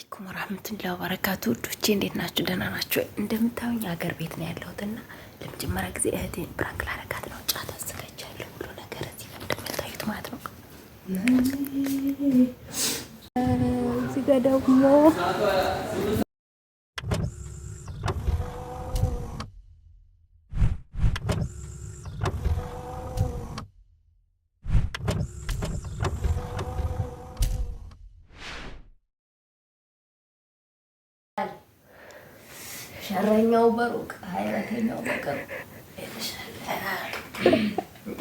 አለይኩም ወራህመቱላሂ ወበረካቱ ውዶቼ እንዴት ናችሁ? ደህና ናችሁ? እንደምታዩኝ ሀገር ቤት ነው ያለሁትና ለመጀመሪያ ጊዜ እህቴን ብራንክ ላረጋት ነው። ጫት አዘጋጃለሁ፣ ሁሉ ነገር እዚህ እንደምታዩት ማለት ነው። እዚህ ጋር ደግሞ ሸረኛው በሩቅ ሀይረተኛው በቅርብ ተመልካቾቼ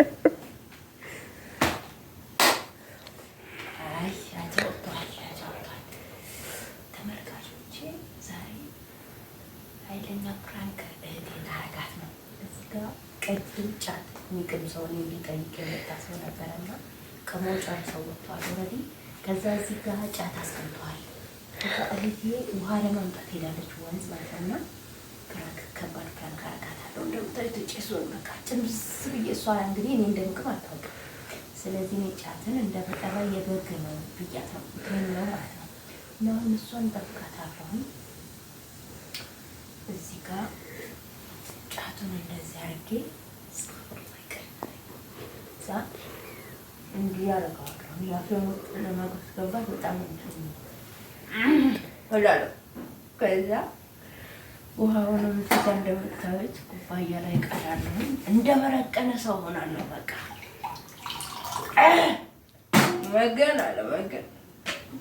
ኃይለኛ ጫት የሚቅም ሰውን ከመውጫው ሰው ወጥቷል ኦልሬዲ። ከዛ እዚህ ጫት አስቀምጠዋል። ከዛ ውሃ ለማምጣት ሄዳለች ወንዝ ማለት ነው ከባድ ፕራንክ አደርጋታለሁ። እንደምታዩት ጭሱ በቃ ጭምስ ብዬ እሷ እንግዲህ እኔ እንደምቅም አታውቅም። ስለዚህ እኔ ጫትን እንደበቀላ የበግ ነው ብያት ነው ነው ማለት ነው። አሁን እሷን እጠብቃታለሁ። እዚህ ጋር ጫቱን እንደዚህ አድርጌ እዛ እንዲህ አደርገዋለሁ። ያፌሙ ለማገስ ገባት በጣም እላለሁ ከዛ ውሃውን ፊቷ እንደምታዩት ኩባያ ላይ ቀዳለሁ። እንደበረቀነ ሰው ሆናለሁ። በቃ መገን አለ መገን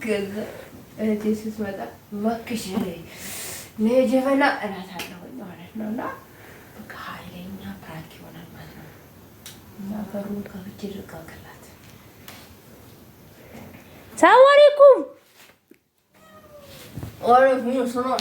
ገዘ እህቴ ስትመጣ እባክሽ ነይ ጀበና እላታለሁ ማለት ነው። እና በቃ ኃይለኛ ፕራንክ ይሆናል ማለት ነው። እና በሩን ከፍቼ ድርቃቅላት ሰላም አለይኩም ወአለይኩም ሰላም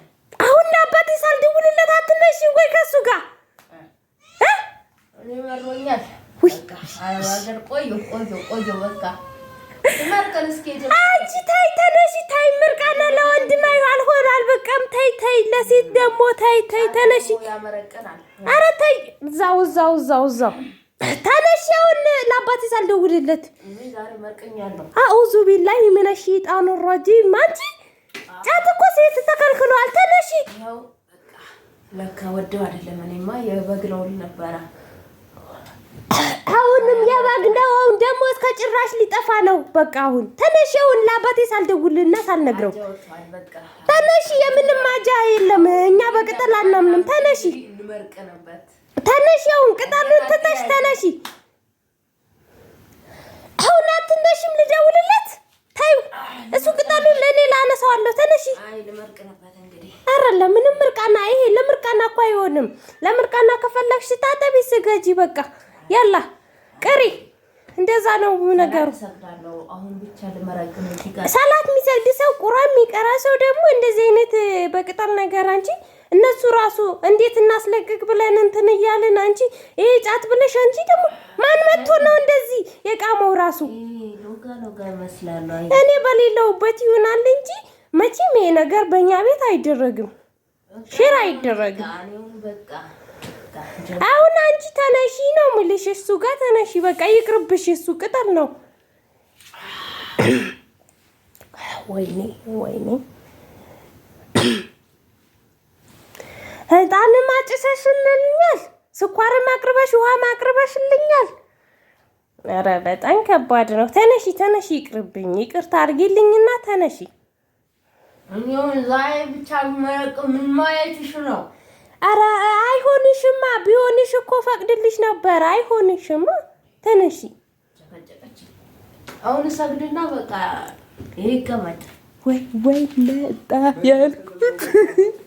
አንቺ ታይ ተነሺ፣ ታይ ምርቃና ለወንድማ ይሆናል ሆናል። ታይ ታይ፣ ለሴት ደግሞ ታይ ታይ፣ ተነሺ። ኧረ ታይ፣ እዛው እዛው እዛው እዛው ተነሺ። አሁን ለአባቴ ሳልደውልለት አኡዙ ቢላሂ ሚነ ሸይጣን ረጂም። አንቺ ጫት እኮ ሴት ተከልክሏል። ተነሺ። ለካ ወደው አይደለም እኔማ የበግ ነው አሁንም የበግ ነው። ደግሞ እስከ ጭራሽ ሊጠፋ ነው። በቃ አሁን ተነሽ፣ አሁን ለአባቴ ሳልደውልና ሳልነግረው ተነሽ። የምንም ማጃ የለም። እኛ በቅጠል አናምንም። ተነሽ፣ ተነሽ፣ አሁን ቅጠሉን ትተሽ ተነሽ። አሁን አትነሽም። ልደውልለት ታዩ። እሱ ቅጠሉን ለእኔ ላነሳዋለሁ። ተነሽ። አረለ ምንም ምርቃና ይሄ ለምርቃና እኮ አይሆንም። ለምርቃና ከፈለግሽ ታጠቢ፣ ስገጂ። በቃ ያላ ቅሪ። እንደዛ ነው ነገሩ። ሰላት የሚሰግድ ሰው ቁራ የሚቀራ ሰው ደግሞ እንደዚህ አይነት በቅጠል ነገር አንቺ እነሱ ራሱ እንዴት እናስለቅቅ ብለን እንትን እያልን አንቺ ይሄ ጫት ብለሽ አንቺ ደግሞ ማን መጥቶ ነው እንደዚህ የቃመው ራሱ እኔ በሌለውበት ይሆናል እንጂ መቼም ይሄ ነገር በእኛ ቤት አይደረግም፣ ሽር አይደረግም። አሁን አንቺ ተነሺ ነው የምልሽ። እሱ ጋር ተነሺ፣ በቃ ይቅርብሽ። እሱ ቅጠል ነው። ወይኔ ወይኔ፣ ዕጣንም አጭሰሽልኛል፣ ስኳርም አቅርበሽ፣ ውሃም አቅርበሽልኛል። ኧረ በጣም ከባድ ነው። ተነሺ ተነሺ፣ ይቅርብኝ፣ ይቅርታ አድርጊልኝና ተነሺ። እኔ ዛሬ ብቻ መረቅ ምን ማየትሽ ነው? አረ አይሆንሽማ። ቢሆንሽ እኮ ፈቅድልሽ ነበር። አይሆንሽማ። ተነሺ። አሁን ሰግድና በቃ ይቀመጥ ወይ ወይ መጣ ያልኩት